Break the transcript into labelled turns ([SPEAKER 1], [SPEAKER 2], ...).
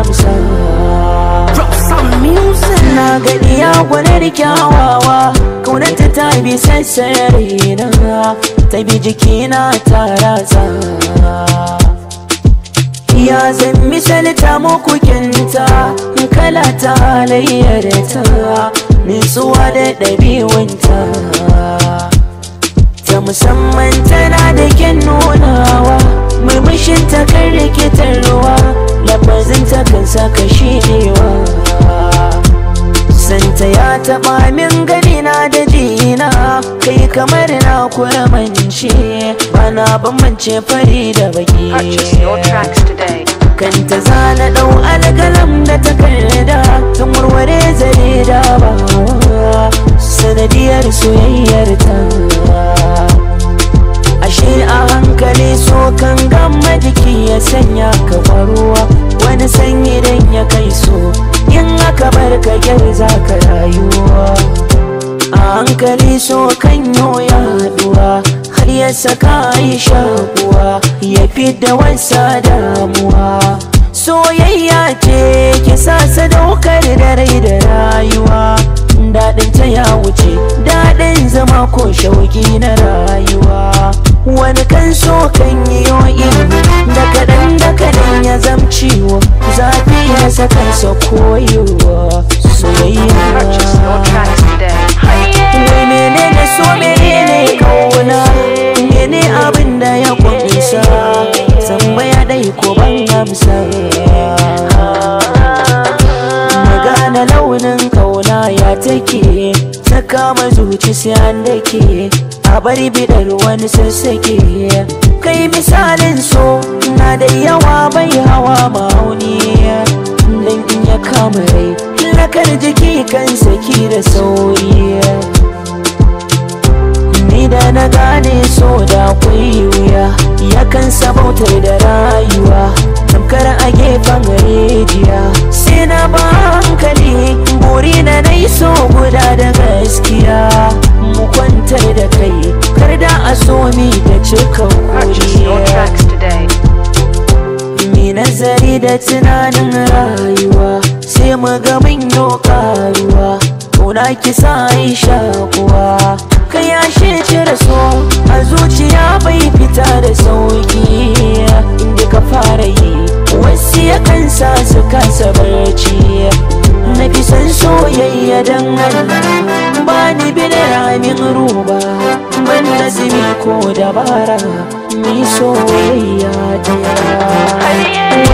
[SPEAKER 1] babu sarwa Na ga iya gwanar kyawawa Kaunarta ta bi sassare na Ta bi jikina ta ratsa Ya zan misalta muku kinta Kala ta halayyar ta Nisuwa da ɗabi'unta saka shi yiwa santa ya taɓa min gani na da jina kai kamar na manci bana bambance fari da baki kanta zana ɗau alƙalam da takarda tun warware zare da ba. sanadiyar soyayyar ta ashe a hankali so kan gama jiki ya sanya ka faruwa wani san idan ya kai so in aka bar ka gyar za ka rayuwa a hankali so kan ya haɗuwa har ya saka yi shakuwa ya fi da wasa damuwa soyayya ce ki sa sadaukar da rai da rayuwa daɗin ta ya wuce daɗin zama ko shauki na rayuwa wani kan so kan yi yo'in ta kansa koyewa soyayya wai menene so menene kauna mene abin da ya kunsa tambaya dai ko ban amsa magana launin kauna ya take ta kama zuci sai an dake a bar bidar wani sassake kai misalin so na da yawa bai hawa ma'auni kan saki da sauri ni da na gane so da kwai wuya yakan sabautar da rayuwa tamkar a gefen garejiya sai na ba hankali buri na nai so guda da gaskiya mu kwantar da kai kar da a so mi da cika kuriya mi nazari da tunanin rayuwa sai maga min yo karuwa Kuna kisa Aisha kuwa Ka yashe cire so a zuciya bai fita da sauki Inda ka fara yi wasu ya kansa su kasa barci Na fi san soyayya dan ba ni bi da ramin roba Ban nazimi ko dabara mi soyayya da